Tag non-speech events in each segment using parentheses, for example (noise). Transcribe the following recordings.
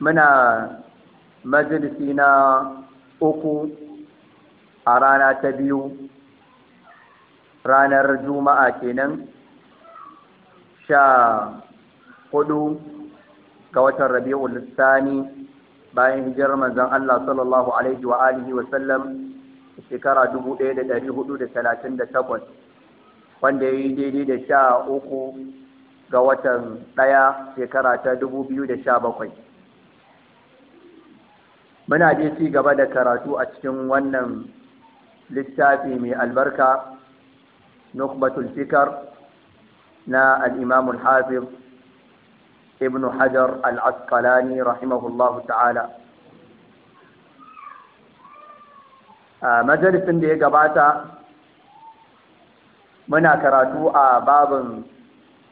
muna majalisi na uku a rana ta biyu ranar juma'a kenan sha hudu ga watan rabi'ul lissani bayan hijirar manzon Allah sallallahu alaihi wa alihi wa sallam shekara 1438 wanda ya yi daidai da sha uku ga watan ɗaya shekara ta dubu biyu da sha bakwai. muna je ci gaba da karatu a cikin wannan littafi mai albarka nukbatul fikar na al-imam ibn hajar al-asqalani rahimahullahu ta'ala a majalisin da ya gabata muna karatu a babin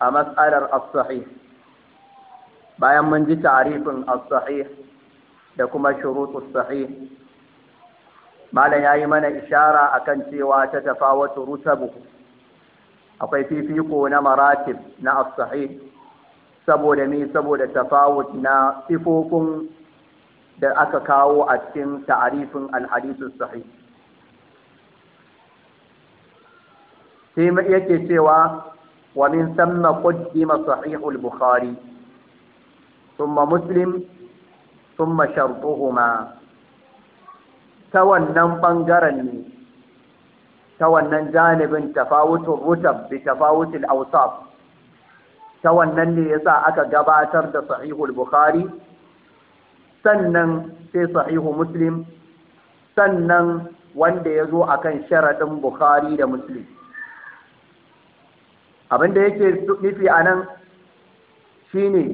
a matsalar as bayan mun ji ta'arifin as da kuma shurutus sahih malam yi mana ishara akan cewa ta tafawatu rutabu akwai fifiko na maratib na as-sahih saboda me saboda tafawut na sifofin da aka kawo a cikin ta'arifin al-hadith sahih sai yake cewa ومن ثم قدم صحيح البخاري ثم مسلم ثم شرطهما ta wannan ɓangaren ne ta wannan janibin tafawutul rutab bi tafawutul awsaf ta wannan ne yasa aka gabatar da sahihul bukhari sannan sai sahihu muslim sannan wanda ya zo akan sharaɗin bukhari da muslim abinda yake nufi a nan shine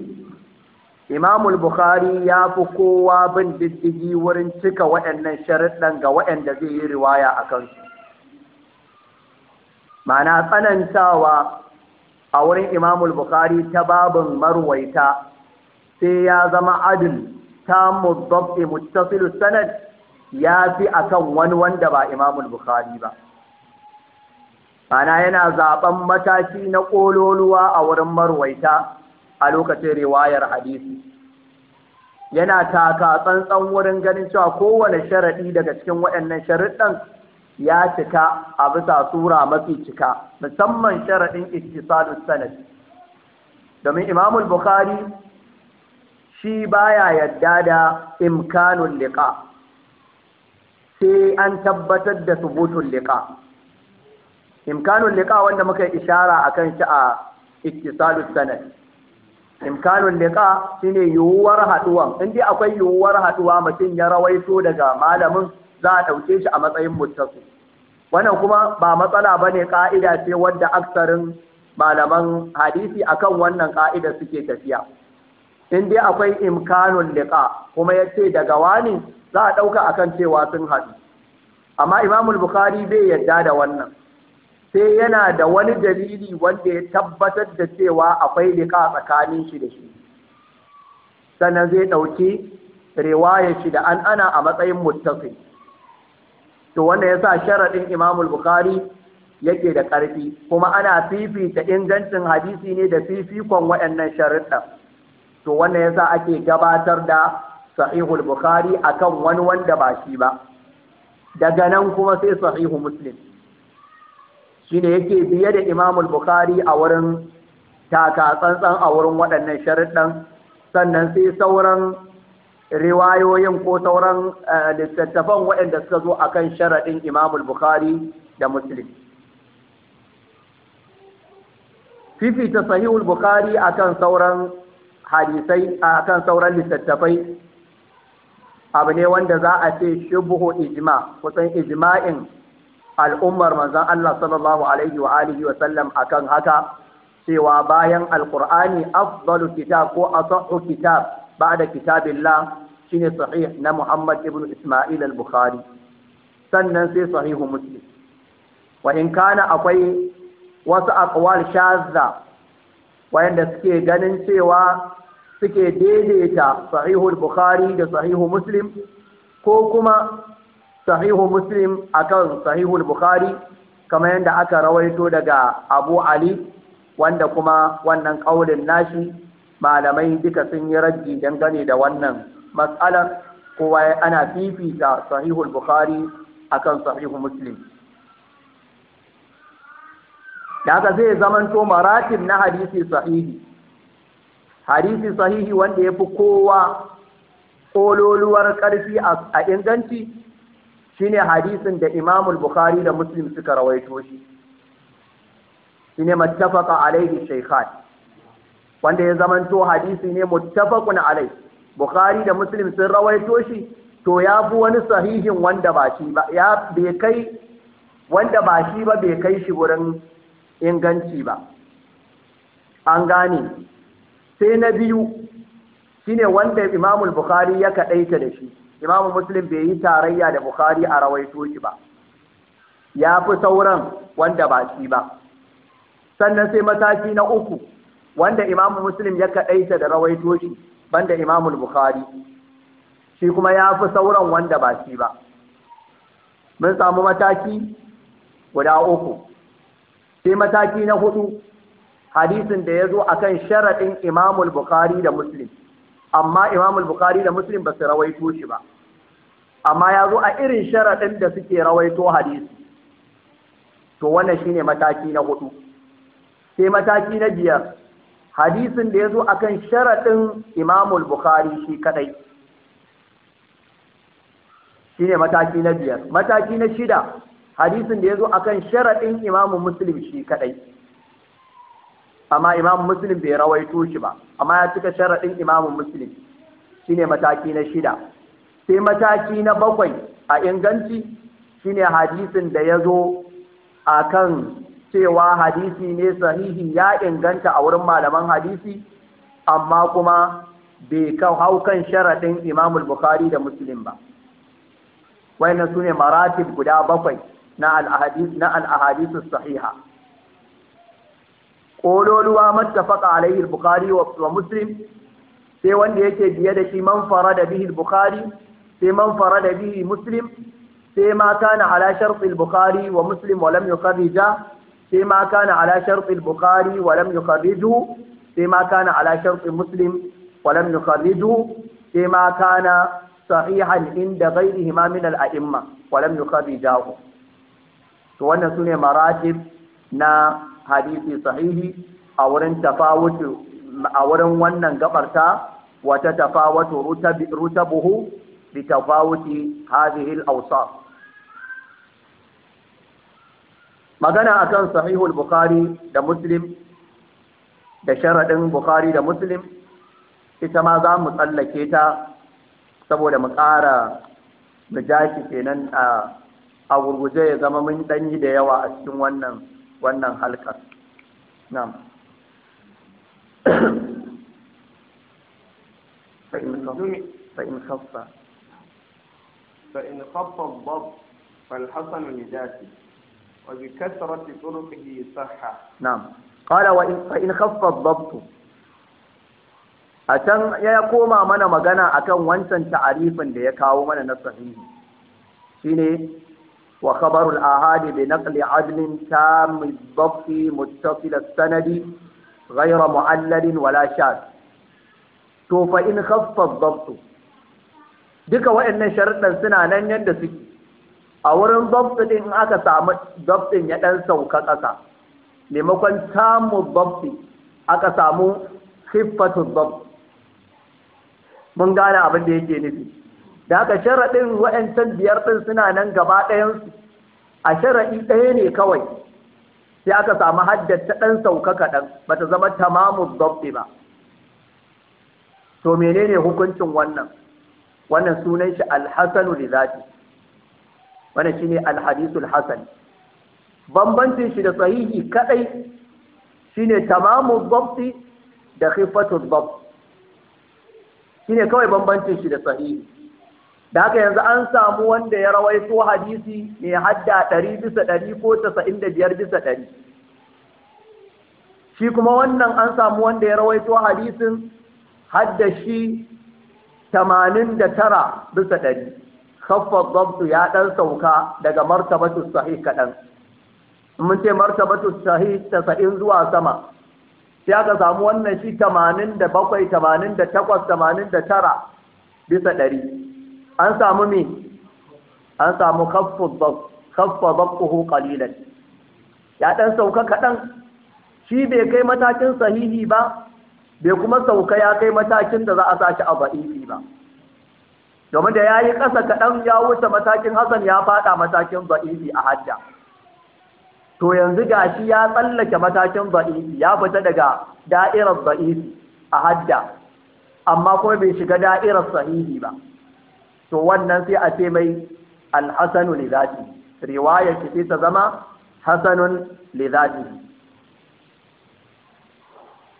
imamul bukhari ya fi kowa bin diddigi wurin cika waɗannan sharaɗan ga waɗanda zai yi riwaya a kansu mana tsanantawa a wurin imamul bukhari ta babin marwaita sai ya zama adil ta dabbi muttasilu sanad ya fi akan wani wanda ba imamul bukhari ba ana yana zaben mataki na ƙololuwa a wurin marwaita a lokacin riwayar hadisi yana taka tsantsan wurin ganin cewa kowane sharaɗi daga cikin waɗannan sharaɗin ya cika a bisa sura mafi cika musamman sharaɗin ittisalus sanad domin imamul bukhari shi baya yadda da imkanul liqa sai an tabbatar da subutul liqa imkanun liqa wanda muka yi ishara akan shi a ittisalus sanad imkanun liqa shine yuwar haduwa in dai akwai yuwuwar haduwa mutum ya rawaito daga malamin za a dauke shi a matsayin muttasil wannan kuma ba matsala bane ka'ida ce wadda aksarin malaman hadisi akan wannan ka'ida suke tafiya in dai akwai imkanun liqa kuma yace daga wani za a dauka akan cewa sun haɗu amma imamul bukhari bai yadda da wannan sai yana da wani dalili wanda ya tabbatar da cewa akwai liƙa tsakanin shi da shi sannan zai ɗauki riwayar shi da an ana a matsayin mutafi to wanda ya sa sharaɗin imamul bukhari yake da ƙarfi kuma ana fifita ingancin hadisi ne da fifikon waɗannan sharuɗa to wanda ya sa ake gabatar da sahihul bukhari akan wani wanda ba shi ba daga nan kuma sai sahihu muslim shine yake biye da Imam al-Bukhari a wurin taka tsantsan a wurin waɗannan sharuɗan sannan sai sauran riwayoyin ko sauran eh, littattafan waɗanda suka zo akan sharaɗin Imam al-Bukhari da Muslim fifita sahihul bukhari akan sauran hadisai akan sauran littattafai abu ne wanda za a ce shubuhu ijma kusan ijma'in al'ummar manzan Allah sallallahu alaihi wa alihi wa sallam akan haka cewa bayan alqur'ani afdalu kitab ko asahhu kitab ba'da kitabillah shine sahih na Muhammad ibn Isma'il al-Bukhari sannan sai sahihu Muslim Wahin kana akwai wasu akwal shazza wayanda suke ganin cewa suke daidaita sahihul Bukhari da sahihu Muslim ko kuma sahihu muslim akan sahihul bukhari kamar yadda aka rawaito daga abu ali wanda kuma wannan kaulin nashi malamai duka sun yi raji dangane da wannan matsalar kowa ana fifita sahihul bukhari akan sahihu muslim da haka zai zamanto maratib na hadisi sahihi hadisi sahihi wanda ya fi kowa kololuwar ƙarfi a inganci shine hadisin da Imam al-Bukhari da Muslim suka rawaito shi shine muttafaqa alaihi shaykhan wanda ya zamanto hadisi ne muttafaqun alai, Bukhari da Muslim sun rawaito shi to ya fi wani sahihin wanda ba shi ba ya bai kai wanda ba shi ba bai kai shi wurin inganci ba an gane sai na biyu shine wanda Imamul al-Bukhari ya kaɗaita da shi imam muslim bai yi tarayya da bukhari a rawaito shi ba ya fi sauran wanda ba shi ba sannan sai mataki na uku wanda imam muslim ya kaɗaita da rawaito shi banda imam bukhari shi kuma ya fi sauran wanda ba shi ba mun samu mataki guda uku sai mataki na hudu hadisin da ya zo akan sharaɗin imamul bukhari da muslim amma Imam al-Bukhari da Muslim ba su rawaito shi ba amma ya zo a irin sharaɗin da suke rawaito hadisi to wannan shine mataki na hudu sai mataki na biyar hadisin da ya zo akan sharaɗin Imam al-Bukhari shi kadai shine mataki na biyar mataki na shida hadisin da ya zo akan sharaɗin Imam Muslim shi kadai amma imamu muslim bai rawaito shi ba amma ya cika sharaɗin imamu muslim shine mataki na shida sai mataki na bakwai a inganci shine hadisin da ya zo a kan cewa hadisi ne sahihi ya inganta a wurin malaman hadisi amma kuma bai hau kan sharaɗin imamul bukhari da muslim ba wayannan su ne maratib guda bakwai na al sahiha kololuwa mattafaqa alaihi al-bukhari wa muslim sai wanda yake biye da shi man farada bihi al-bukhari sai man farada bihi muslim sai ma kana ala shart al-bukhari wa muslim wa lam yukarrija sai ma kana ala shart al-bukhari wa lam yukarriju sai ma kana ala shart muslim wa lam yukarriju sai ma kana sahihan inda ghayrihima min al-a'imma wa lam yukarrijahu to wannan sune maratib na hadisi sahihi a wurin tafawutu a wurin wannan gabarta wata tafawutu rutabuhu bi tafawuti hadhihi al-awsaf magana akan sahihul bukhari da muslim da sharadin bukhari da muslim ita ma za mu tsallake ta saboda mu ƙara mu jaki kenan a gurguje ya zama mun ɗanyi da yawa a cikin wannan wannan halkar na'am فإن خف فإن خف الضب فالحسن لذاته وبكثرة طرقه صحة نعم قال وإن فإن خف الضبط a can ya koma mana magana akan wancan ta'arifin da ya kawo mana na sahihi shine وخبر الآهاد بنقل عدل تام الضبط متصل السند غير معلل ولا شاذ to fa in khaffaf dabtu duka waɗannan sharuɗan suna nan yadda suke a wurin dabtu din in aka samu dabtin ya dan sauka ƙasa tamu dabti aka samu khiffatu mun gane abin da yake nufi da haka sharaɗin wa'ancan biyar ɗin suna nan gaba ɗayansu a sharaɗi ɗaya ne kawai sai aka samu haddar ɗan sauka kaɗan ba ta zama tamamun zaɓe ba to menene hukuncin wannan wannan sunan shi alhassanu da zafi wannan shi ne alhadisul hassan bambancin shi da sahihi kaɗai shi ne tamamun zaɓe da khifatul zaɓe shi ne kawai bambancin shi da sahihi da haka yanzu an samu wanda ya rawaito hadisi mai hadda ɗari bisa ɗari ko casa'in da biyar bisa ɗari shi kuma wannan an samu wanda ya rawaito hadisin hadda shi tamanin da tara bisa ɗari khaffar zabtu ya ɗan sauka daga martabatu sahih kaɗan mun ce martabatu sahih casa'in zuwa sama sai aka samu wannan shi tamanin da bakwai tamanin da takwas tamanin da tara bisa ɗari an samu mi an samu kaffa kalilan ya dan sauka kaɗan shi bai kai matakin sahihi ba bai kuma sauka ya kai matakin da za a sashi a ba'ifi ba domin da ya yi ƙasa kaɗan ya wuce matakin hasan ya faɗa matakin ba'ifi a hajja to yanzu ga shi ya tsallake matakin ba'ifi ya fita daga da'irar ba'ifi a hajja amma kuma bai shiga da'irar sahihi ba to wannan sai a ce mai alhasanu li riwayar shi sai ta zama Hassanun li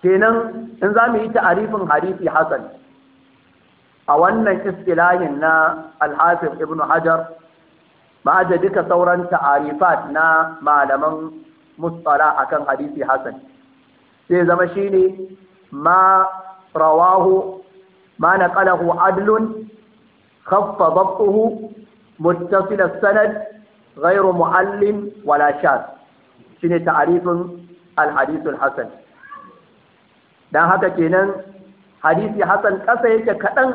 kenan in za mu yi ta'arifin hadisi Hassan? a wannan istilahin na alhafiz ibnu hajar ba duka sauran ta'arifat na malaman mustala akan hadisi Hassan sai zama shine ma rawahu ma naqalahu adlun خف ضبطه متصل السند غير معلم ولا شاذ شنو تعريف الحديث الحسن dan haka kenan hadisi hasan kasa yake kaɗan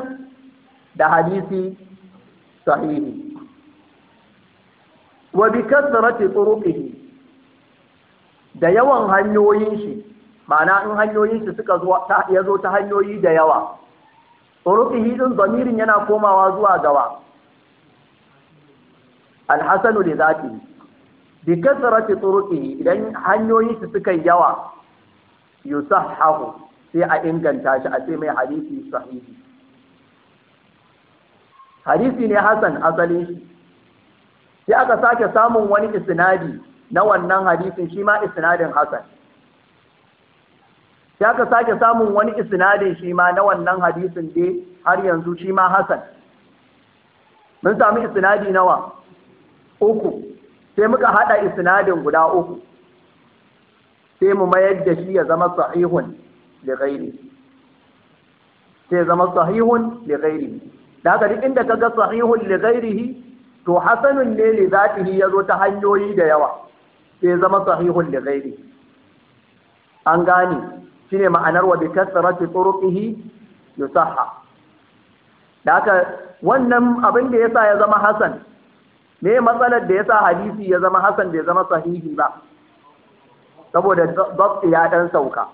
da hadisi sahihi wa bi kasrati turuqihi da yawan hanyoyin shi ma'ana in hanyoyin shi suka zo ya zo ta hanyoyi da yawa turuqihi din zamirin yana komawa zuwa gawa alhasanu da zafi bi kasrati turuqihi idan hanyoyi su suka yawa yusahhahu sai a inganta shi a ce mai hadisi sahihi hadisi ne Hassan asalin shi sai aka sake samun wani isnadi na wannan hadisin shi ma isnadin Hassan. Ya ka sake samun wani isnadin shi ma na wannan hadisin dai har yanzu shi ma hasan mun sami isnadi nawa uku sai muka haɗa isnadin guda uku sai mu mayar da shi ya zama sahihun li ghairi sai ya zama sahihun li ghairi da haka duk inda kaga sahihun li ghairihi to hasanun ne li zatihi zo ta hanyoyi da yawa sai ya zama sahihun li ghairi an gane shine ma'anar wa bi kasrati turuqihi yusahha da haka wannan abin da yasa ya zama hasan me matsalar da yasa hadisi ya zama hasan bai zama sahihi ba saboda dabt ya dan sauka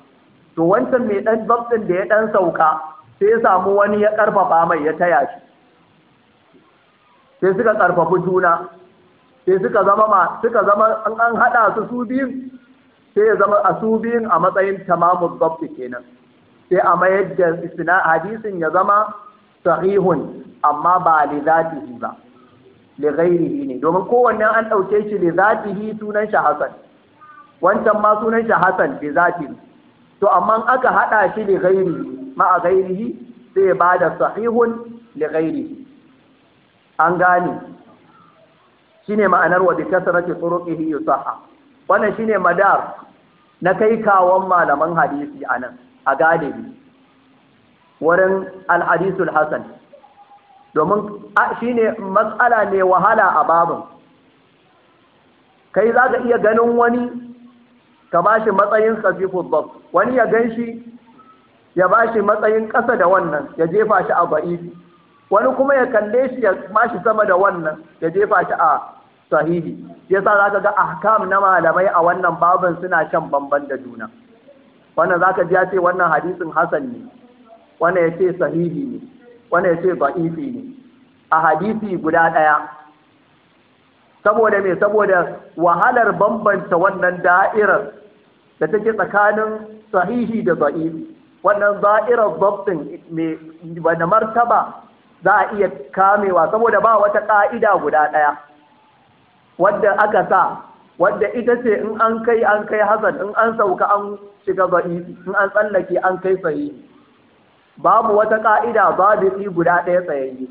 to wancan mai dan dabtin da ya dan sauka sai ya samu wani ya karfafa mai ya taya shi sai suka karfafi juna sai suka zama ma suka zama an hada su su biyu sai ya zama asubin a matsayin tamamun zafi kenan sai a mayar da isina hadisin ya zama sahihun amma ba li zatihi ba li ghairihi ne domin kowanne an ɗauke shi li zatihi sunan shi hasan wancan ma sunan shi hasan li zatihi to amma aka haɗa shi li ghairihi ma a ghairihi sai ya bada sahihun li ghairihi an gane shine ma'anar wa bi kasrati turuqihi yusahha wannan shine madar na kai kawon malaman hadisi a nan a galibi wurin alhadisul hasan domin shine matsala ne wahala a babin kai za ka iya ganin wani ka ba shi matsayin safiful bab wani ya ganshi ya ba shi matsayin ƙasa da wannan ya jefa shi a ba'ifi wani kuma ya kalle shi ya ba sama da wannan ya jefa shi a sahihi yasa zaka ga ahkam na malamai a wannan babin suna shan bamban da juna wannan zaka ji ya ce wannan hadisin hasan ne wannan yace sahihi ne wannan yace ba'ifi ne a hadisi guda daya saboda me saboda wahalar bambanta wannan da'irar da take tsakanin sahihi da ba'ifi wannan za'irar dabtin mai wanda martaba za a iya kamewa saboda ba wata ka'ida guda daya wadda aka sa wadda ita ce in an kai an kai hasan in an sauka an shiga ba'ifi in an tsallake an kai sahihi babu wata ka'ida fi guda ɗaya tsayayye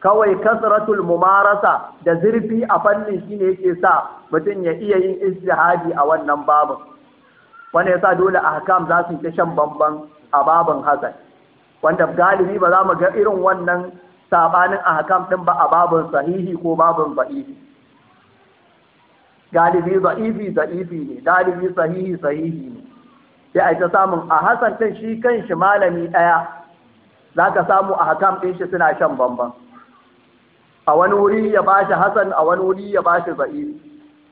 kawai kasratul mumarasa da zurfi a fannin shine yake sa mutum ya iya yin ijtihadi a wannan babin wanda sa dole ahkam za su ta shan bamban a babin hasan wanda galibi ba za mu ga irin wannan sabanin ahkam ɗin ba a babin sahihi ko babin ba'i. galibi za'ifi za'ifi ne galibi sahihi sahihi ne sai a ita samun a hasan ɗin shi kan shi malami ɗaya za ka samu a hakam ɗin shi suna shan bamban a wani wuri ya ba shi hasan a wani wuri ya ba shi za'ifi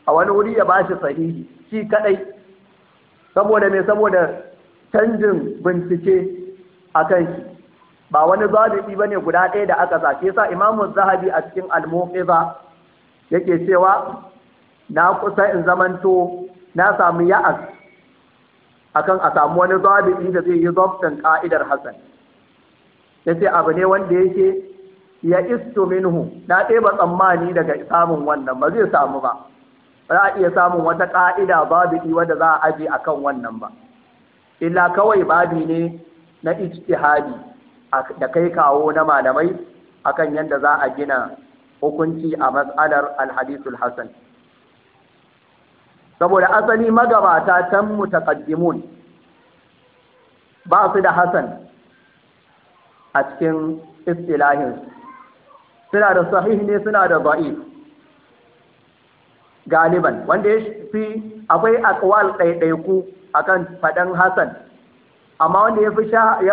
a wani wuri ya ba shi sahihi shi kaɗai saboda me saboda canjin bincike a kan shi ba wani zabiɗi ba ne guda ɗaya da aka sa imamun zahabi a cikin almuqiza yake cewa na kusa in zamanto na samu ya'as akan a samu wani zabi da zai yi zabtan ka'idar hasan yace abu ne wanda yake ya istu minhu na ɗeba tsammani daga samun wannan ba zai samu ba ba a iya samun wata ka'ida yi wanda za a aje akan wannan ba illa kawai babi ne na ijtihadi da kai kawo na malamai akan yadda za a gina hukunci a mas'alar alhadisul hasan saboda asali magabata can mutaqaddimun ba su da hasan a cikin istilahin suna da sahih ne suna da da'if galiban wanda ya fi akwai akwal ɗaiɗaiku kan faɗan hasan amma wanda ya fi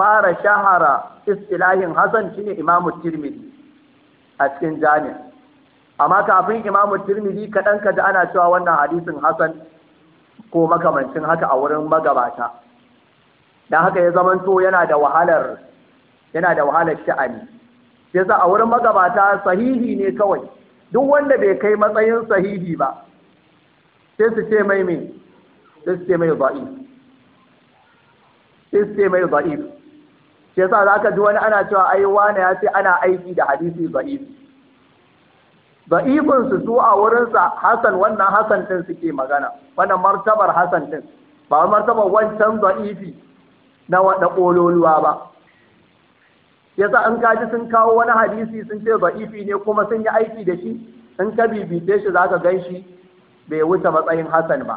bara shahara istilahin hasan shine imamu tirmidhi a cikin jami'a amma kafin imamu tirmidhi kaɗan ka ji ana cewa wannan hadisin hasan ko makamancin haka a wurin magabata don haka ya to yana da wahalar yana da wahalar sha'ani sai sa a wurin magabata sahihi ne kawai duk wanda bai kai matsayin sahihi ba sai su ce mai me sai su ce mai da'if sai su ce mai da'if sai sa ka ji wani ana cewa ai wane ya ce ana aiki da hadisi da'if da'ifin su su a wurinsa Hassan wannan hasan din suke magana wannan martabar Hassan din ba martabar wancan da'ifi na wada kololuwa ba yasa an kaji sun kawo wani hadisi sun ce da'ifi ne kuma sun yi aiki da shi in ka bibite shi zaka gan shi bai wuce matsayin hasan ba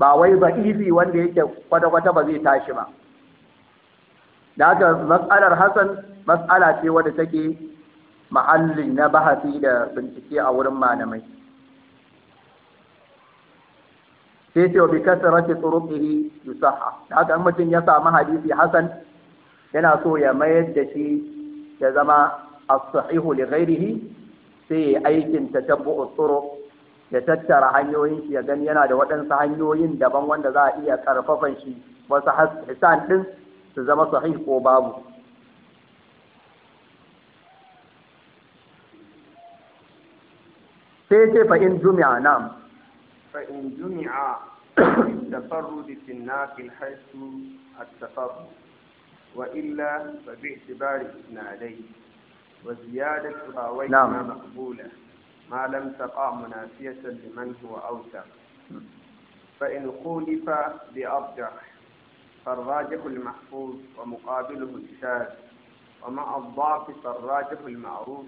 ba wai da'ifi wanda yake kwata-kwata ba zai tashi ba da haka mas'alar Hassan, matsala ce wadda take ma'allin na bahasi da bincike a wurin malamai sai ce wa bi kasarati turuqihi yusahha haka mutum ya samu hadisi hasan yana so ya mayar da shi ya zama as-sahihu li ghairihi sai ya aikin tatabbu'u turuq ya tattara hanyoyin shi ya gani yana da waɗansu hanyoyin daban wanda za a iya karfafan shi wasu hasan din su zama sahih ko babu سيتي فإن جمع نعم فإن جمع تفرد في الناقل حيث التفرد وإلا فباعتبار علي وزيادة راوي نعم. مقبولة ما لم تقع مناسية لمن هو أوثق فإن خولف بأرجح فالراجح المحفوظ ومقابله الشاذ ومع الضعف فالراجح المعروف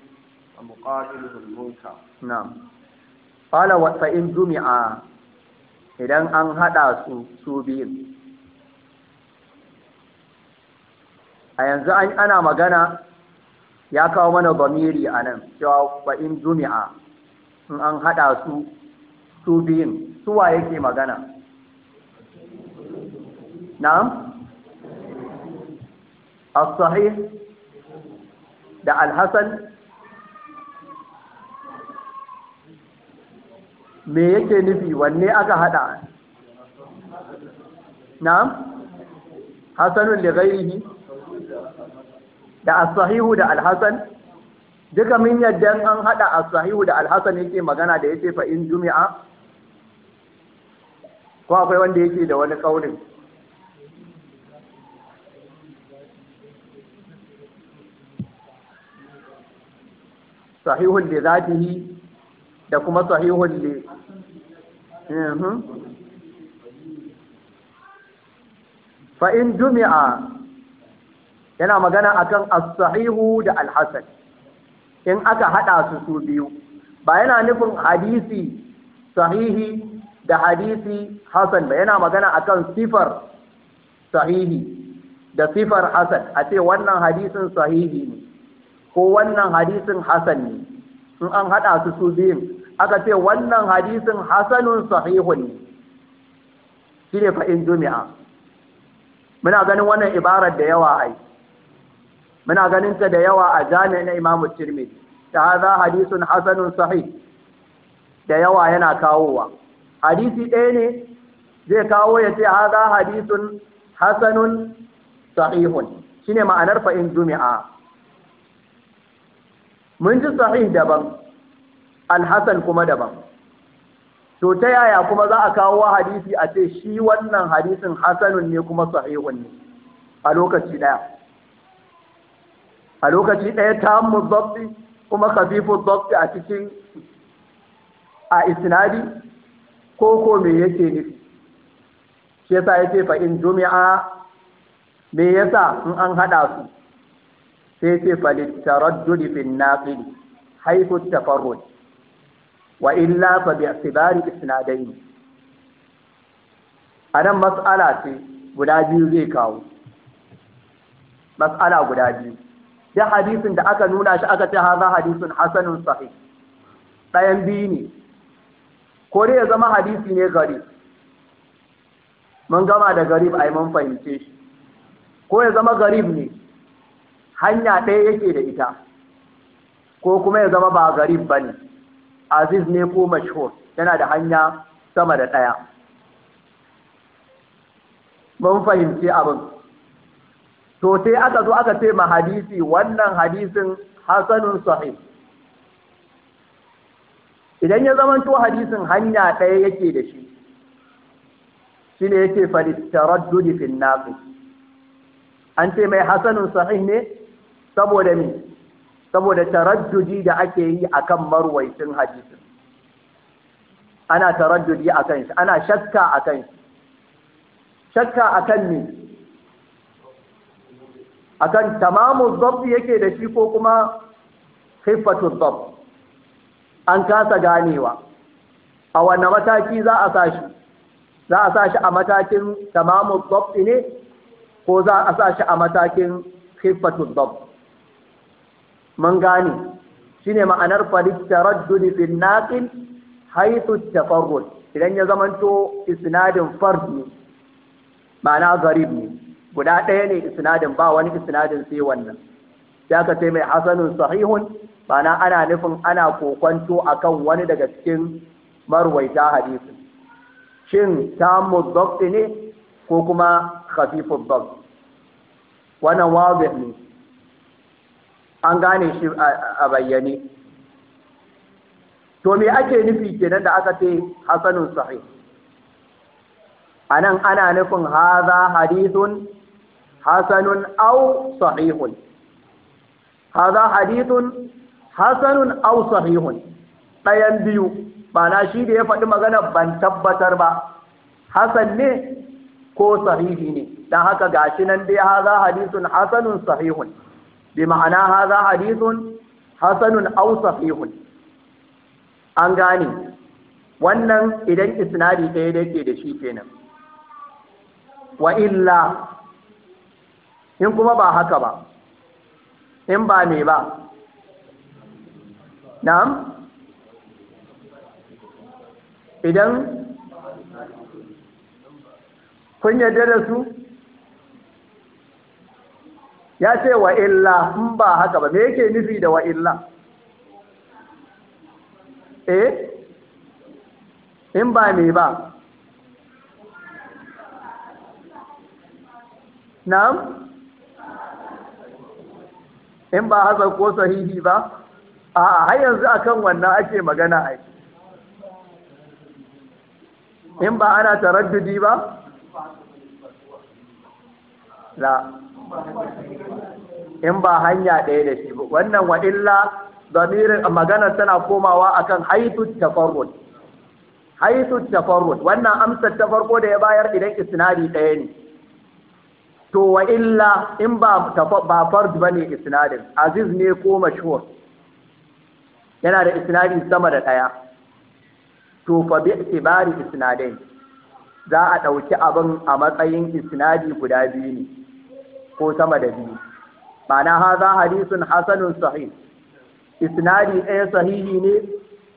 ومقابله المنكر نعم قال فإن idan an haɗa su su biyun a yanzu ana magana ya kawo mana bamiri a nan cewa fa'in jumi'a in an haɗa su su biyun suwa yake magana na'am as-sahih da al hassan me yake nufi wanne aka hada na'am hasanun da gairihi da asahihu da Alhassan. duka min yadda an hada asahihu da Alhassan yake magana da yake fa jumi'a ko akwai wanda yake da wani kaurin sahihun li zatihi da kuma sahihun le fa’in jumi'a yana magana akan as-sahihu da al in aka haɗa su su biyu ba yana nufin hadisi sahihi da hadisi Hassan ba yana magana akan sifar sahihi da sifar Hassan. a ce wannan hadisin sahihi ne ko wannan hadisin Hassan ne in an haɗa su su biyun aka ce wannan hadisin hasanun sahihun ne shi ne fa'in jumi'a muna ganin wannan ibarar da yawa yi muna ganin ta da yawa a jami'a na imamu tirmidhi ta haza hadisun hasanun sahih da yawa yana kawowa hadisi ɗaya ne zai kawo ya ce haza hadisun hasanun sahihun ne ma'anar fa'in jumi'a mun ji sahih daban alhassan kuma daban to ta yaya kuma za a kawo hadisi a ce shi wannan hadisin hasanun ne kuma sahihun ne a lokaci daya a lokaci daya ta mu zabti kuma kafifu zabti a cikin a isnadi ko ko me yake nufi shi yasa yace fa jumi'a me yasa in an hada su sai yace fa litaraddudi fil naqil haythu tafarruj wa illa fa bi isbari isnadain anan mas'ala ce guda biyu zai kawo mas'ala guda biyu da hadisin da aka nuna shi aka ce haza hadisin hasanun sahih ɗayan biyu ne ko dai ya zama hadisi ne gari mun gama da gari ai mun fahimce shi ko ya zama garib ne hanya ɗaya yake da ita ko kuma ya zama ba garib ba ne aziz ne ko mashhur yana da hanya sama da ɗaya mun fahimci abin to sai aka zo aka ce ma hadisi wannan hadisin hasanun sahih idan ya zamanto hadisin hanya ɗaya yake da shi shi ne yake falittaraddudi fin nafi an ce mai hasanun sahih ne saboda me saboda taraddudi da ake yi akan marwaicin hadisin ana taraddudi akan shi ana shakka akan shi shakka akan ne akan tamamu dhabt yake da shi ko kuma khiffatu dhabt an kasa ganewa a wanne mataki za a sa shi za a sa shi a matakin tamamu dhabt ne ko za a sa shi a matakin khiffatu dhabt mun gane shine ma'anar falittaraddudi fil naqil haythu tafarrud idan ya zamanto isnadin fard ne ma'ana garib ne guda ɗaya ne isnadin ba wani isnadin sai wannan ya ka sai mai hasanun sahihun ma'ana ana nufin ana kokwanto akan wani daga cikin marwaita hadisi shin tamu zafi ne ko kuma khafifud zafi wannan wadih ne an gane shi a bayyane to me ake nufi kenan da aka ce hasanun sahih anan ana nufin haza hadithun hasanun au sahihun haza hadithun hasanun aw sahihun ɗayan biyu ba shi da ya faɗi magana ban tabbatar ba hasan ne ko sahihi ne don haka gashi nan dai haza hadithun hasanun sahihun bi ma'ana haza hadithun hasanun aw sahihun an gane wannan idan isnadi ɗaya da yake da shi kenan wa illa in kuma ba haka ba in ba me ba na'am idan kun yarda da su ya ce wa illa in ba haka ba me yake nufi da wa illa eh in ba me ba na'am in ba haka ko sahihi ba a har yanzu akan wannan ake magana ai in ba ana taraddudi ba la in ba hanya ɗaya da shi wannan wa illa zamirin maganar tana komawa akan haitu tafarrud haitu tafarrud wannan amsar ta farko da ya bayar idan isnadi ɗaya ne to wa illa in ba ba fard bane isnadin aziz ne ko mashhur yana da isnadi sama da ɗaya to fa bi itibari isnadin za a ɗauki abin a matsayin isnadi guda biyu ne ko sama da biyu ma'ana haza hadisun hasanun sahih isnadi ɗaya sahihi ne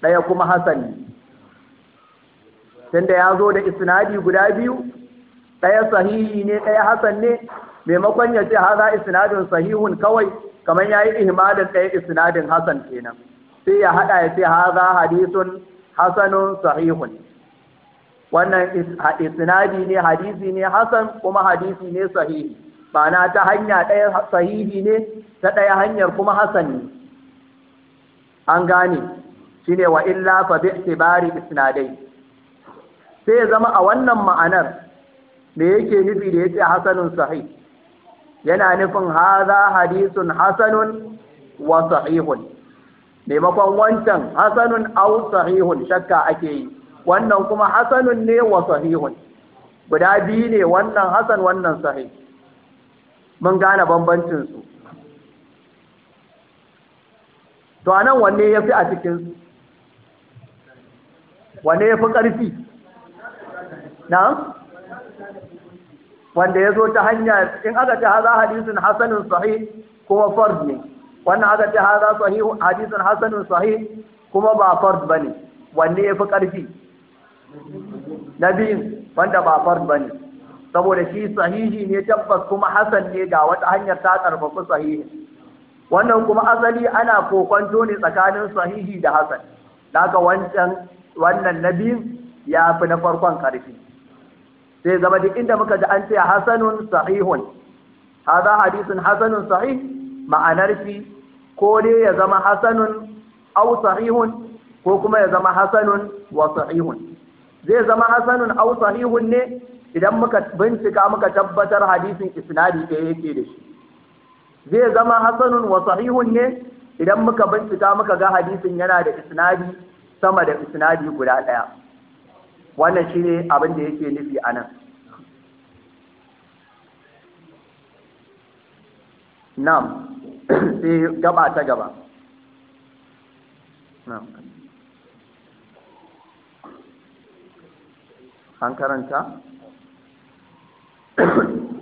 ɗaya kuma hasani da ya zo da isnadi guda biyu ɗaya sahihi ne ɗaya hasan ne maimakon ya ce haza isnadin sahihun kawai kamar ya yi ihmalin ɗaya isnadin hasan kenan sai ya haɗa ya ce haza hadisun hasanun sahihun wannan isnadi ne hadisi ne hasan kuma hadisi ne sahihi na ta hanya ɗaya sahihi ne ta ɗaya hanyar kuma hasani an gane ne wa illa fa bi itibari isnadai sai zama a wannan ma'anar me yake nufi da yace hasanun sahih yana nufin hadha hadisun hasanun wa sahihun maimakon wancan hasanun aw sahihun shakka ake yi wannan kuma hasanun ne wa sahihun guda biyu ne wannan hasan wannan sahih mun gane bambancin su to anan wanne yafi a cikin su wanne yafi ƙarfi na wanda ya zo ta hanya in aka ce haza hadisin hasanin sahih kuma fard ne wannan aka ce haza sahih hadisin hasanin sahih kuma ba fard bane wanne yafi ƙarfi na biyun wanda ba fard bane saboda shi sahihi ne tabbas kuma hasan ne ga wata hanyar ta karfafi sahihi wannan kuma asali ana kokonto ne tsakanin sahihi da hasan daga wancan wannan na biyun ya fi na farkon karfi sai zama duk inda muka ji an ce hasanun sahihun haza hadisin hasanun sahih ma'anar shi ko dai ya zama hasanun au sahihun ko kuma ya zama hasanun wa sahihun zai zama hasanun au sahihun ne idan muka bincika muka tabbatar hadisin isnadi ɗaya yake da shi zai zama hasanun wa sahihun ne idan muka bincika muka ga hadisin yana da isnadi sama da isnadi guda ɗaya wannan shine abin da yake nufi a nan nam (clears throat) sai gaba ta gaba nam an karanta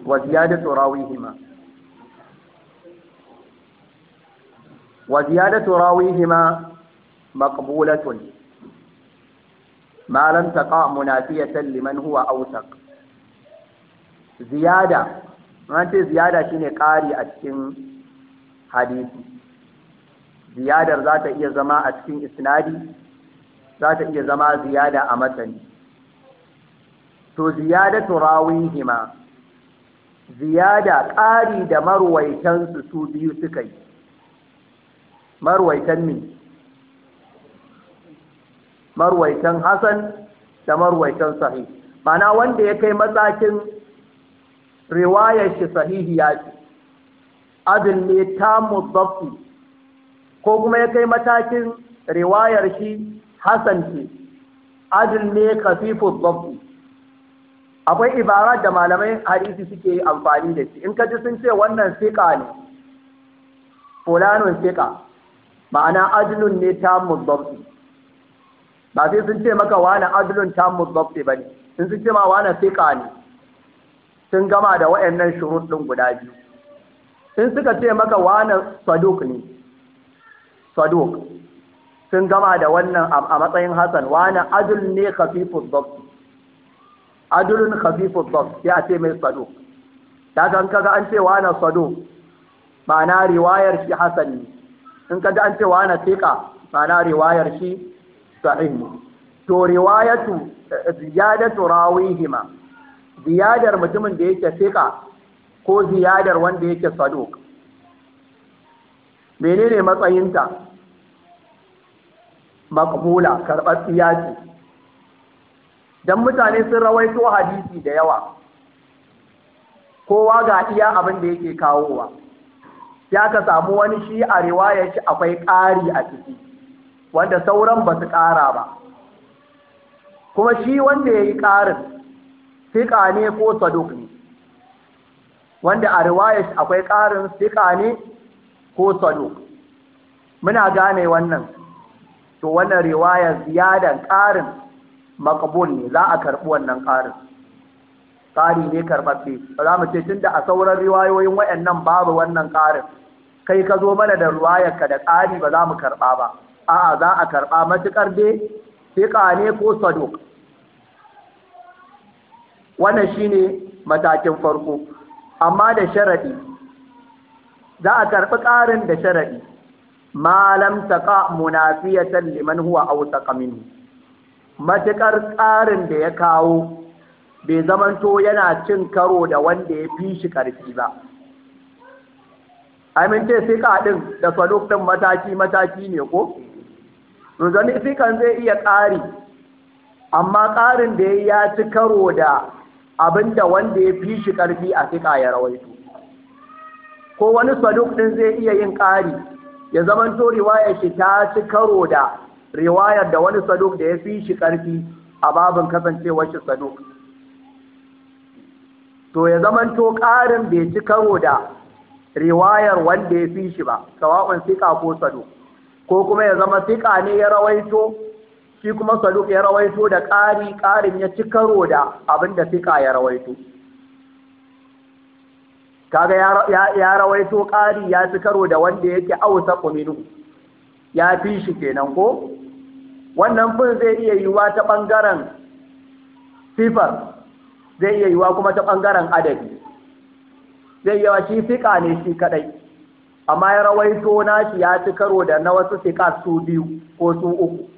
wa ziyadatu rawihima wa ziyadatu rawihima maqbulatun ma lam taqa munafiyatan liman huwa awsaq ziyada an ce ziyada shine ƙari a cikin hadisi ziyadar za ta iya zama a cikin isnadi za ta iya zama ziyada a matani to ziyadatu rawihima ziyada ƙari da marwaitansu su biyu suka yi marwaitan ne marwaitan hasan da marwaitan sahih mana wanda ya kai matsakin riwayar shi sahihi ya ce adin ne ta zafi ko kuma ya kai matakin riwayar shi hasan ce adin ne kafifu zafi akwai ibara da malamai hadisi suke amfani da shi in ka ji sun ce wannan siƙa ne fulanun siƙa ma'ana adlun ne ta muzdabti ba sai sun ce maka wani adlun ta muzdabti ba ne sun sun ce ma wani siƙa ne sun gama da waɗannan shurut ɗin guda biyu Sun suka ce maka wani saduk ne saduk sun gama da wannan a matsayin hasan wani adl ne khafifud dabti adulun khafifud dam sai a ce mai sado ta san kaga an ce wa sado Ba ma'ana riwayar shi hasan ne in kaga an ce wa teka? tika ma'ana riwayar shi sahih ne to riwayatu ziyadatu rawihima ziyadar mutumin da yake tika ko ziyadar wanda yake sado menene matsayinta maqbula karɓar siyasi dan mutane sun rawaito hadisi da yawa kowa ga iya abin da yake kawowa ya ka samu wani shi a riwaya shi akwai ƙari a ciki wanda sauran ba su ƙara ba kuma shi wanda ya yi ƙarin fiƙa ne ko saduk ne wanda a riwaya shi akwai ƙarin fiƙa ne ko saduk muna gane wannan to wannan riwaya ziyadan ƙarin makabul ne za a karɓi wannan ƙarin ƙari ne karɓaɓɓe ba za mu ce tun da a sauran riwayoyin waɗannan babu wannan ƙarin kai ka zo mana da ka da ƙari ba za mu karɓa ba a'a za a karɓa matuƙar dai fiƙa ne ko saduk wannan shine matakin farko amma da sharaɗi za a karɓi ƙarin da sharaɗi malam taqa munafiyatan liman huwa awtaqa minhu matuƙar ƙarin da ya kawo bai zamanto yana cin karo da wanda ya fi shi ƙarfi ba amince sika ɗin da saluk ɗin mataki-mataki ne ko? ruzani sikan zai iya ƙari amma ƙarin da ya ci karo da abin da wanda ya fi shi ƙarfi a fika ya rawaito ko wani saluk ɗin zai iya yin ƙari ya zamanto riwayar shi ta ci karo da riwayar da wani saduk da ya fi shi ƙarfi a babin kasancewar shi saduk to ya zamanto ƙarin bai ci karo da riwayar wanda ya fi shi ba sawa'un siƙa ko saduk ko kuma ya zama siƙa ne ya rawaito shi kuma saduk ya rawaito da ƙari ƙarin ya ci karo da abin da siƙa ya rawaito kaga ya rawaito ƙari ya ci karo da wanda yake ausa kuminu ya fi shi kenan ko wannan fin zai iya yiwa ta ɓangaren sifar zai iya yiwa kuma ta ɓangaren adabi zai yawa shi fiƙa ne shi kaɗai amma ya rawaito na shi ya ci karo da na wasu fiƙa su biyu ko su uku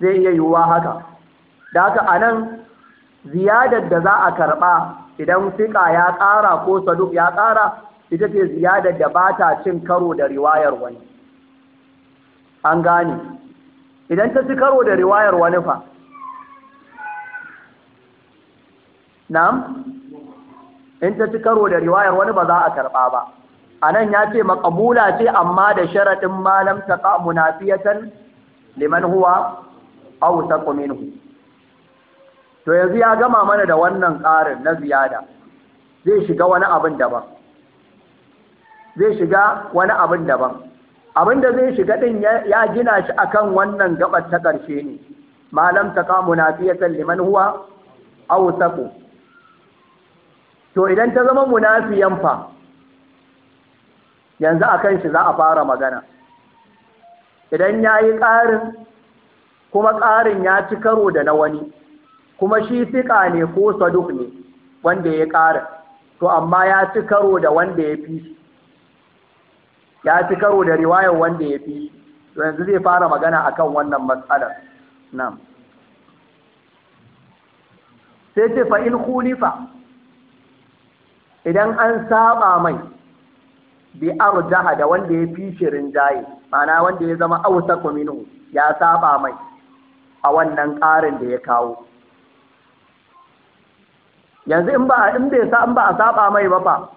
zai iya yiwuwa haka da haka a nan ziyadar da za a karɓa idan fiƙa ya ƙara ko saduk ya ƙara ita ce ziyadar da ba ta cin karo da riwayar wani an gane idan ta ci karo da riwayar wani fa nam? in ta ci karo da riwayar wani ba za a karɓa ba a nan ya ce maƙabula ce amma da sharaɗin malam ta ƙa munafiyatan liman huwa au ta to yanzu ya gama mana da wannan ƙarin na ziyada zai shiga wani abin daban zai shiga wani abin daban abin da zai shiga din ya gina shi akan wannan gabar ta ƙarshe ne malam ta kamu na liman huwa aw saqu to idan ta zama munafiyan fa yanzu akan shi za a fara magana idan yayi ƙarin kuma ƙarin ya ci karo da na wani kuma shi fiƙa ne ko saduk ne wanda ya ƙara to amma ya ci karo da wanda ya fi shi. ya fi karo da riwayar wanda ya fi yanzu zai fara magana akan wannan matsalar nan sai ce fa in idan an saba mai bi arjaha da wanda ya fi shirin jaye mana wanda ya zama Auta kuminu ya saba mai a wannan ƙarin da ya kawo yanzu in ba a saba mai ba fa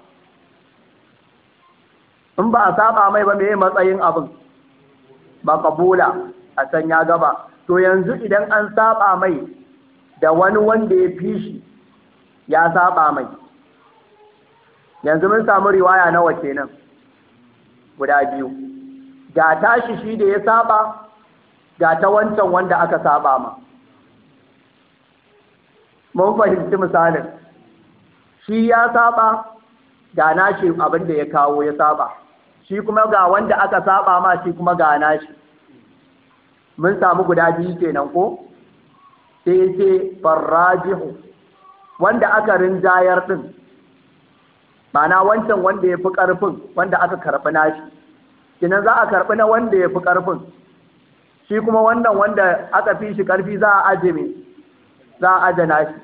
in ba a saba mai ba mai matsayin abin ba kabula a sanya ya gaba to yanzu idan an saba mai da wani wanda ya fi shi ya saba mai yanzu mun samu riwaya nawa kenan guda biyu ga tashi shi da ya saba ga ta wancan wanda aka saba ma mun fahimci misalin shi ya saba ga nashi abin da ya kawo ya saba shi kuma ga wanda aka saba ma shi kuma ga nashi mun samu guda biyu kenan ko sai sai farajihu wanda aka rinjayar din mana wancan wanda ya fi ƙarfin wanda aka karɓi nashi kinan za a karɓi na wanda ya fi ƙarfin shi kuma wannan wanda aka fi shi ƙarfi za a aje me za a aje nashi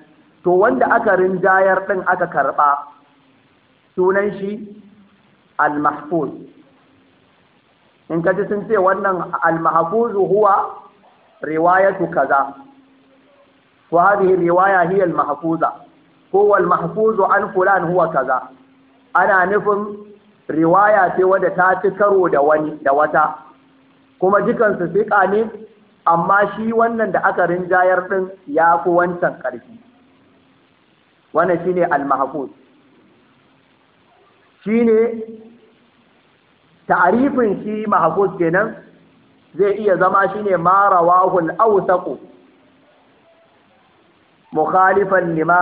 to wanda aka rinjayar din aka karɓa sunan shi al-mahfuz in ka ji sun ce wannan al-mahfuzu huwa riwayatu kaza wa hadhihi riwaya hiya al-mahfuza ko al an fulan huwa kaza ana nufin riwaya ce wadda ta ci karo da wani da wata kuma su siƙa ne amma shi wannan da aka rinjayar ɗin ya fi wancan karfi wannan shine al-mahfuz shine ta'arifin shi mahfuz kenan zai iya zama shine ma rawahu al-awsaq mukhalifan lima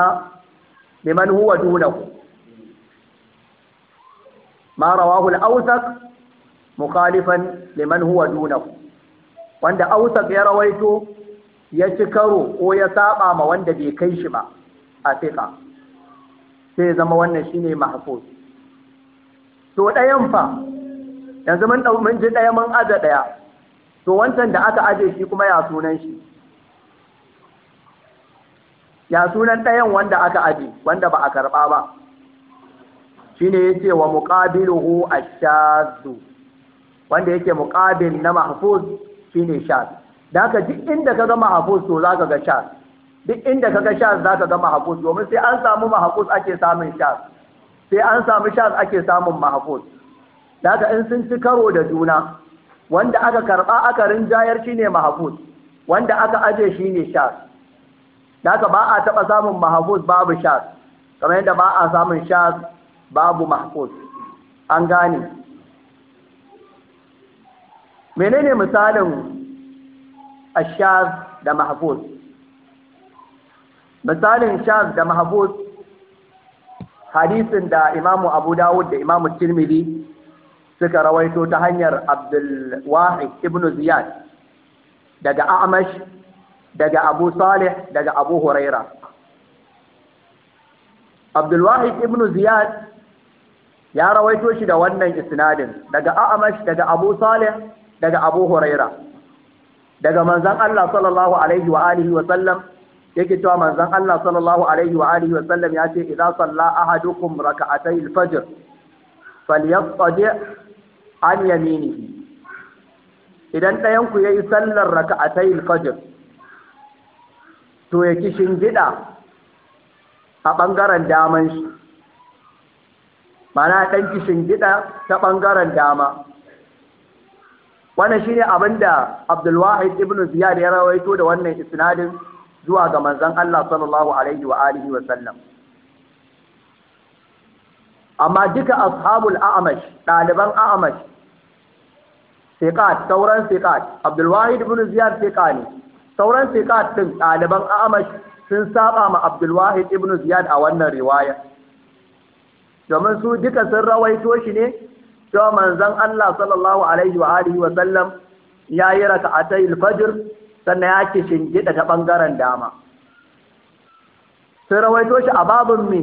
liman huwa dunahu ma rawahu al-awsaq mukhalifan liman huwa dunahu wanda awsaq ya rawaito ya ci karo ko ya saba ma wanda bai kai shi ba a fiqa sai zama wannan shine mahfuz to ɗayan fa yanzu mun ɗau man ji ɗaya mun aje ɗaya to wancan da aka aje shi kuma ya sunan shi ya sunan ɗayan wanda aka aje wanda ba a karɓa ba shine yace wa muqabiluhu ash-shadh wanda yake muqabil na mahfuz shine shadh da ka duk inda ka ga mahfuz to zaka ga shadh duk inda ka ga shadh zaka ga mahfuz domin sai an samu mahfuz ake samun shadh sai an samu shadh ake samun mahfuz daga in sun ci karo da juna wanda aka karba aka rinjayar shine mahfuz wanda aka aje shine shas daga ba a taba samun mahfuz babu shas kamar yadda ba a samun shas babu mahfuz an gane menene misalin ashaz da mahfuz misalin shaz da mahfuz hadisin da imamu abu dawud da imamu tirmidhi suka rawaito ta hanyar Abdul ibn Ziyad daga Amash daga Abu Salih daga Abu Huraira Abdul ibn Ziyad ya rawaito shi da wannan isnadin daga Amash daga Abu Salih daga Abu Huraira daga manzan Allah sallallahu alaihi wa alihi wa sallam yake cewa manzan Allah sallallahu alaihi wa alihi wa sallam ya ce idza salla ahadukum rak'atay al-fajr falyastadi' an yaminihi idan ɗayanku ya yi sallar raka'atai alfajr to ya kishin gida a ɓangaren daman shi mana ɗan kishin gida ta ɓangaren dama wannan shine abin da Abdulwahid ibn Ziyad ya rawaito da wannan isnadin zuwa ga manzon Allah sallallahu alaihi wa alihi wa sallam amma duka ashabul a'amash, ɗaliban a'amash. siqat sauran siqat Abdul Wahid ibn Ziyad siqa ne sauran siqat din ɗaliban Amash sun saba ma Abdul Wahid ibn Ziyad a wannan riwaya domin su duka sun rawaito shi ne cewa manzon Allah sallallahu alaihi wa alihi wa sallam ya yi raka'atai al-fajr sannan ya ce shingida ta bangaren dama sun rawaito shi a babun me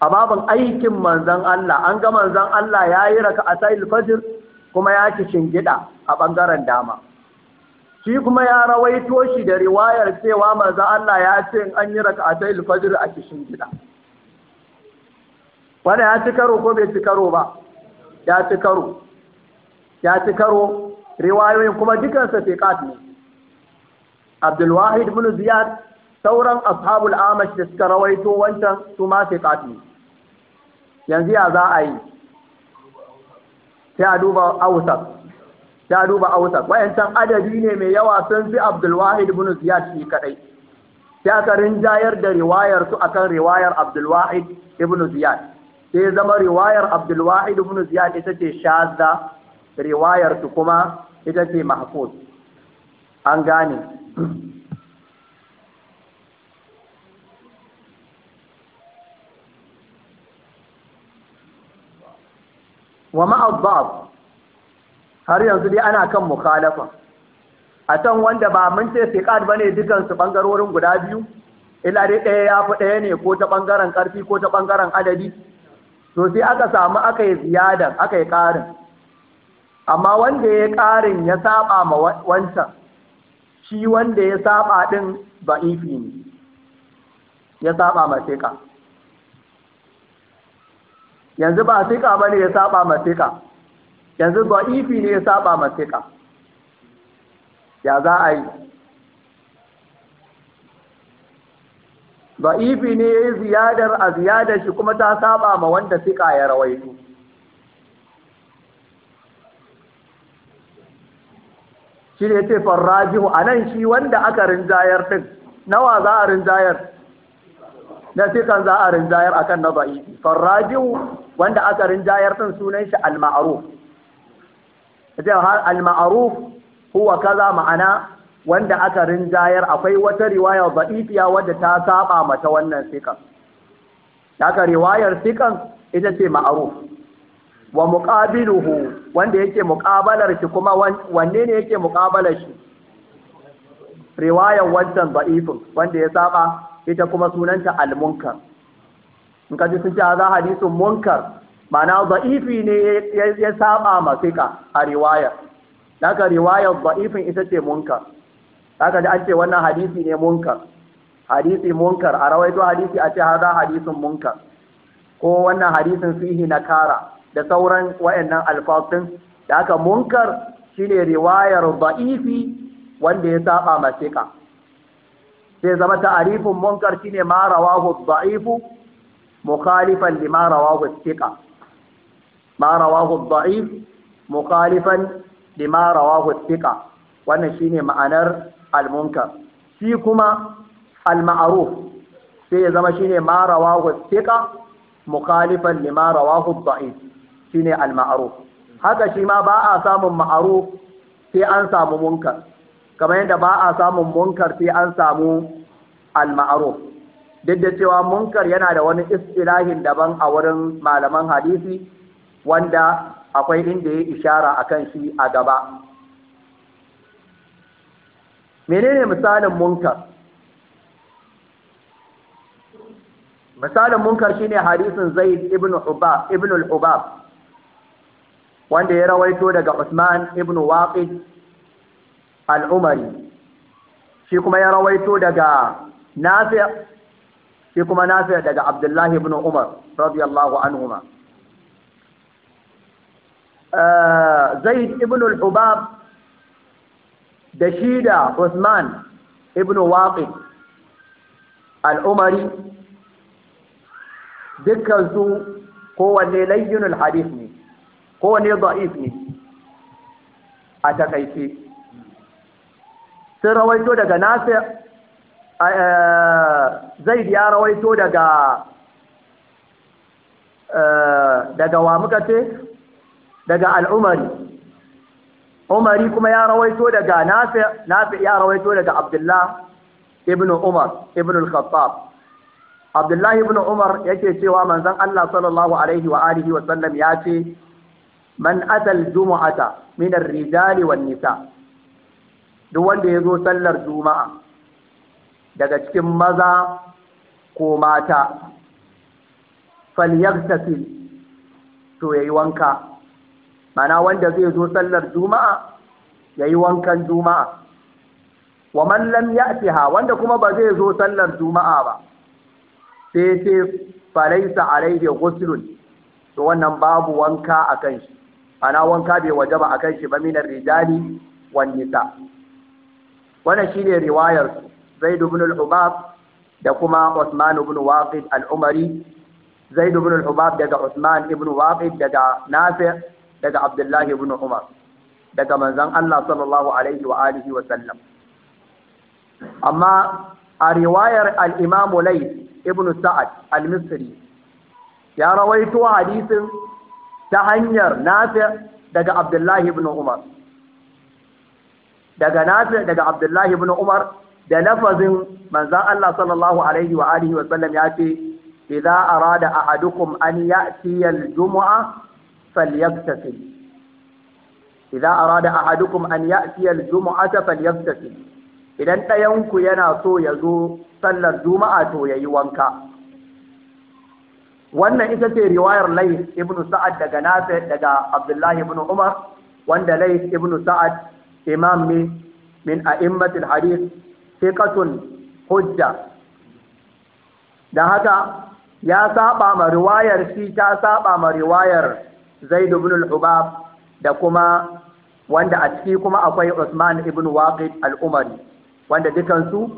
a babun aikin manzon Allah an ga manzon Allah ya yi raka'atai al-fajr kuma ya ci shingida a ɓangaren dama shi kuma ya rawaito shi da riwayar cewa manzo Allah ya ce in an yi rak'atai al-fajr a kishin gida wanda ya ci karo ko bai ci karo ba ya ci karo ya ci karo riwayoyin kuma dukan sa ne Abdul Wahid ibn Ziyad sauran ashabul amash da suka rawaito wancan su ma fiqat ne yanzu ya za a yi sai a duba ausat wayancan adadi ne mai yawa sun fi abdulwahid ibn ziyad shi kadai sai aka rinjayar da riwayar su akan riwayar abdulwahid ibn ziyad sai zama riwayar abdulwahid ibn ziyad ita ce shazza riwayar su kuma ita ce mahfuz an gane wa ma'abbab har yanzu dai ana kan mukhalafa a can wanda ba mun ce fiqat bane dukan su bangarorin guda biyu illa dai ɗaya ya fi ɗaya ne ko ta bangaren ƙarfi ko ta bangaren adadi to sai aka samu aka yi ziyada aka yi ƙarin amma wanda ya ƙarin ya saba ma wancan shi wanda ya saba din ba'ifi ne ya saba ma sika. yanzu ba sika ne ya saba ma sika yanzu ifi ne ya saba ma sika ya za a yi ifi ne ya yi ziyadar a ziyadar shi kuma ta saba ma wanda sika ya rawaito shi ne ce farrajihu a nan shi wanda aka rinjayar din nawa za a rinjayar nasikan za a rinjayar akan na da'ifi farrajiu wanda aka rinjayar sun sunan shi al-ma'ruf har alma'aruf huwa kaza ma'ana wanda aka rinjayar akwai wata riwaya da'ifiya wadda ta saba mata wannan sikan haka riwayar sikan ita ce ma'aruf. wa muqabiluhu wanda yake muqabalar shi kuma wanne ne yake muqabalar shi riwayar wancan da'ifin wanda ya saba ita kuma sunanta al-munkar in ka ji sun ce za hadisin munkar ma'ana da'ifi ne ya saba ma sika a riwaya daga riwayar da'ifin ita ce munkar daga da an ce wannan hadisi ne munkar hadisi munkar a rawaito hadisi a ce haza hadisin munkar ko wannan hadisin fihi na kara da sauran wayannan alfafin da aka munkar shine riwayar da'ifi wanda ya saba ma sai zama ta'arifin munkar shine ma rawahu dha'ifu mukhalifan lima rawahu thiqa ma rawahu dha'if mukhalifan lima rawahu thiqa wannan shine ma'anar al-munkar shi kuma al-ma'ruf sai zama shine ma rawahu thiqa mukhalifan lima rawahu dha'if shine al-ma'ruf haka shi ma ba a samun ma'ruf sai an samu munkar kamar yadda ba a samun munkar sai an samu al-ma'ruf duk da cewa munkar yana da wani istilahin daban a wurin malaman hadisi wanda akwai inda ya ishara akan shi a gaba menene misalin munkar misalin munkar shine hadisin zaid ibn ubab ibn al hubab wanda ya rawaito daga usman ibn waqid al'umari shi kuma ya rawaito daga nafi shi kuma nafi daga abdullahi ibn umar radiyallahu anhuma eh, zaid ibn al-hubab da shi da usman ibn waqid al'umari su kowanne layyunul hadith ne kowanne da'if ne a takaice sun rawaito daga nasir eh, zaid ya rawaito daga eh, daga wa muka ce daga al'umari umari kuma ya rawaito daga nafi ya rawaito daga abdullah ibn umar ibn al-khattab abdullah ibn umar yake cewa manzon Allah sallallahu alaihi wa alihi wa sallam ya ce man atal jumu'ata min ar-rijali wan nisa' duk wanda ya zo sallar juma'a daga cikin maza ko mata falyagtasil to yayi wanka mana wanda zai zo sallar juma'a yayi wankan juma'a wa man lam ya'tiha wanda kuma ba zai zo sallar juma'a ba sai sai falaisa alaihi ghuslun to wannan babu wanka akan shi ana wanka bai waje wajaba akan shi ba minar rijali wan nisa' wannan shine riwayar Zaid ibn al-Hubab da kuma Usman ibn Waqid al-Umari Zaid ibn al-Hubab daga Usman ibn Waqid daga Nafi' daga Abdullah ibn Umar daga manzon Allah sallallahu alaihi wa alihi wa sallam amma a riwayar al-Imam Layth ibn Sa'ad al-Misri ya rawaito hadisin ta hanyar Nafi' daga Abdullah ibn Umar daga nafi daga abdullahi ibn umar da lafazin manzan Allah sallallahu alaihi wa alihi wa sallam ya ce idza arada ahadukum an ya'ti al-jumu'a falyaghtasil idza arada ahadukum an ya'ti al-jumu'ata falyaghtasil idan ɗayan ku yana so ya zo sallar juma'a to yayi wanka wannan ita ce riwayar Lais ibn Sa'ad daga Nafi daga Abdullahi ibn Umar wanda Lais ibn Sa'ad imam ne min a'immatul hadith thiqatun hujja Da haka ya saba ma riwayar shi ta saɓa ma riwayar Zaid ibn hubab da kuma wanda a ciki kuma akwai Usman Ibnu Waqid al-Umari wanda dukansu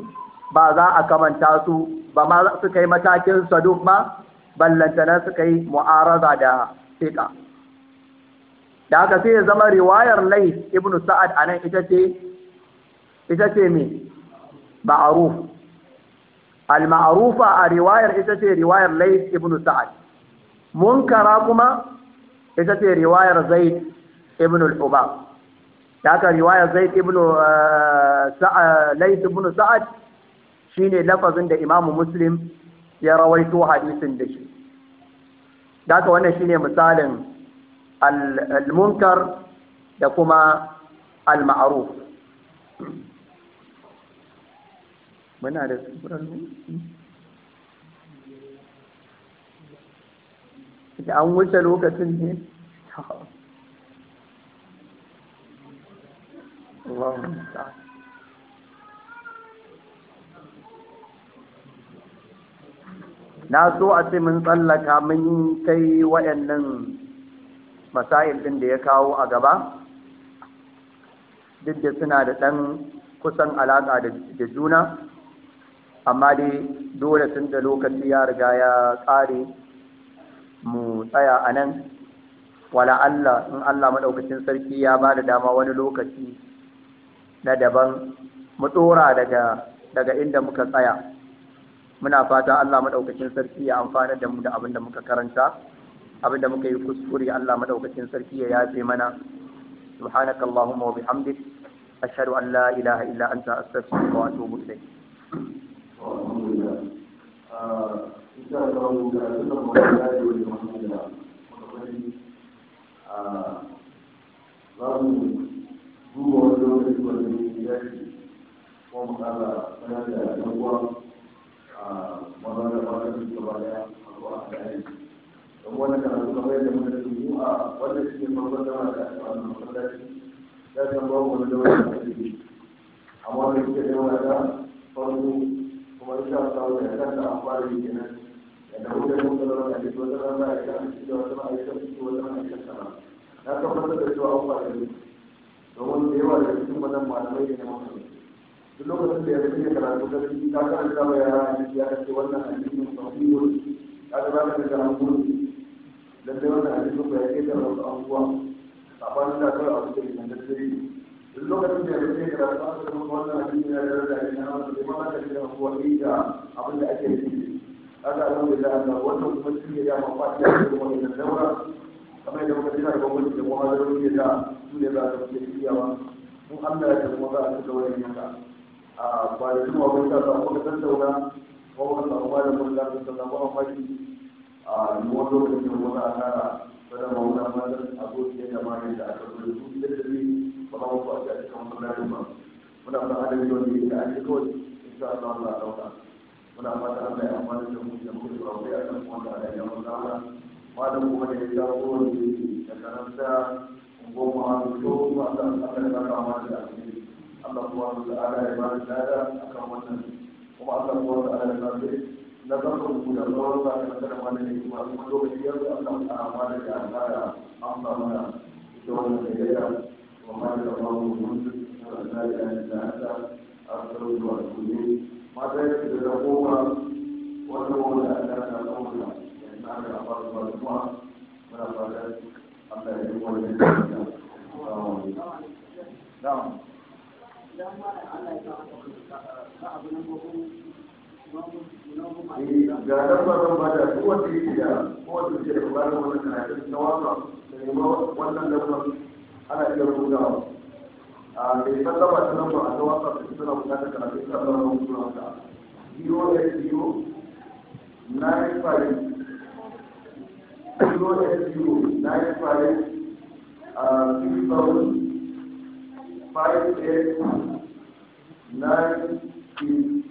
ba za a kamanta su ba ma suka yi matakin saduk ba ballantana suka yi mu'arada da fiƙa da haka sai ya zama riwayar lai ibnu sa'ad anan ita ce ita ce me ma'ruf al ma'rufa a riwayar ita ce riwayar lai ibnu sa'ad munkara kuma ita ce riwayar zaid ibnu al da haka riwayar zaid ibnu eh, sa'ad eh, lai ibnu sa'ad shine lafazin da imamu muslim ya rawaito hadisin da shi da haka wannan shine misalin al da kuma al-ma'ruf muna da tsoron da an wuce lokacin ne na so a ce mun tsallaka mun kai waɗannan masayil ɗin da ya kawo a gaba duk da suna da ɗan kusan alaƙa da juna amma dai dole sun da lokaci ya riga ya ƙare mu tsaya a nan wala Allah in Allah maɗaukacin sarki ya ba da dama wani lokaci na daban mu ɗora daga daga inda muka tsaya muna fata Allah maɗaukacin sarki ya amfana da mu da abin da muka karanta abinda muka yi kuskure Allah madaukakin sarki ya yafe mana subhanaka wa bihamdik ashhadu an la ilaha illa anta astaghfiruka wa atubu ilayk duba wani lokaci wani yaki ko mu da a magana ba ta gaba da a da a don karatu kamar yadda muka ce mu a wannan shi ne farkon zama da aka masallaci ya san babu wani zama da aka yi amma da kuke da wani da farko kuma insha ya kanta an fara yi kenan ya da wuce mun da wani da wata rana ya kan shi da wata rana ya da wata rana ya kan sana na da cewa an fara yi domin da yawa da cikin wannan malamai ne na masallaci duk lokacin da ya fi karatu da shi ta karanta wa yara ya ce wannan addinin fasihun ta zama da karatu lalle wannan hadisin ba ya ke da wasu abubuwa sabanin da kawai abu da ke da sirri duk lokacin da ya ke da wasu abubuwa wannan hadisin ya da da ina wasu da ma ka ji da abubuwa ne da abin da ake yi kaga alhamdulillah Allah wannan kuma shi ne ya mafati da kuma da daura kamar da muka ji da gwamnati da muhadarori da su ne za su ke iyawa mun Allah ya kuma za a ci gaba da yanka a ba da jimawa ba ta ba kuma tattauna ko ba ba da mun da ta ba ma fashi a yiwuwar lokacin wata asara a zo fiye da mani da aka zo su da dare ba za a cikin masallacin ba muna fata da yawan da ake kawai in sha Allah za a ɗauka muna fata Allah ya amfana da mu da muke ba wai a kan kuma da Allah ya maza Allah malam kuma da ya jawo kowane da da karanta goma a zuwa ba za a Allah ya baka amana da alheri Allah kuma da Allah ya ba da dada akan wannan kuma Allah kuma da Allah ya ba da na zama ku da tsawon sa da tsara wannan ne kuma kuma lokaci ya zo Allah ta amana da Allah ya amsa mana ita wannan gayya wa ma da ba mu mun da da da da a tsaro da ku ne ma da yake da goma wannan wanda Allah ta kauna ya sa da ba su ba kuma muna fatan Allah ya yi wannan gayya na'am idan ma Allah ya sa ka ka abin da ga dabba zan ba da duk wanda yake da kowace yake da wannan karatun na wasa da nema wannan dabba ana iya rubutawa a mai san dabba ta nan ba a ta wasa da ita na bukatar ta zama rubutu na ta zero eight zero nine five zero eight zero nine five uh, six thousand five eight nine six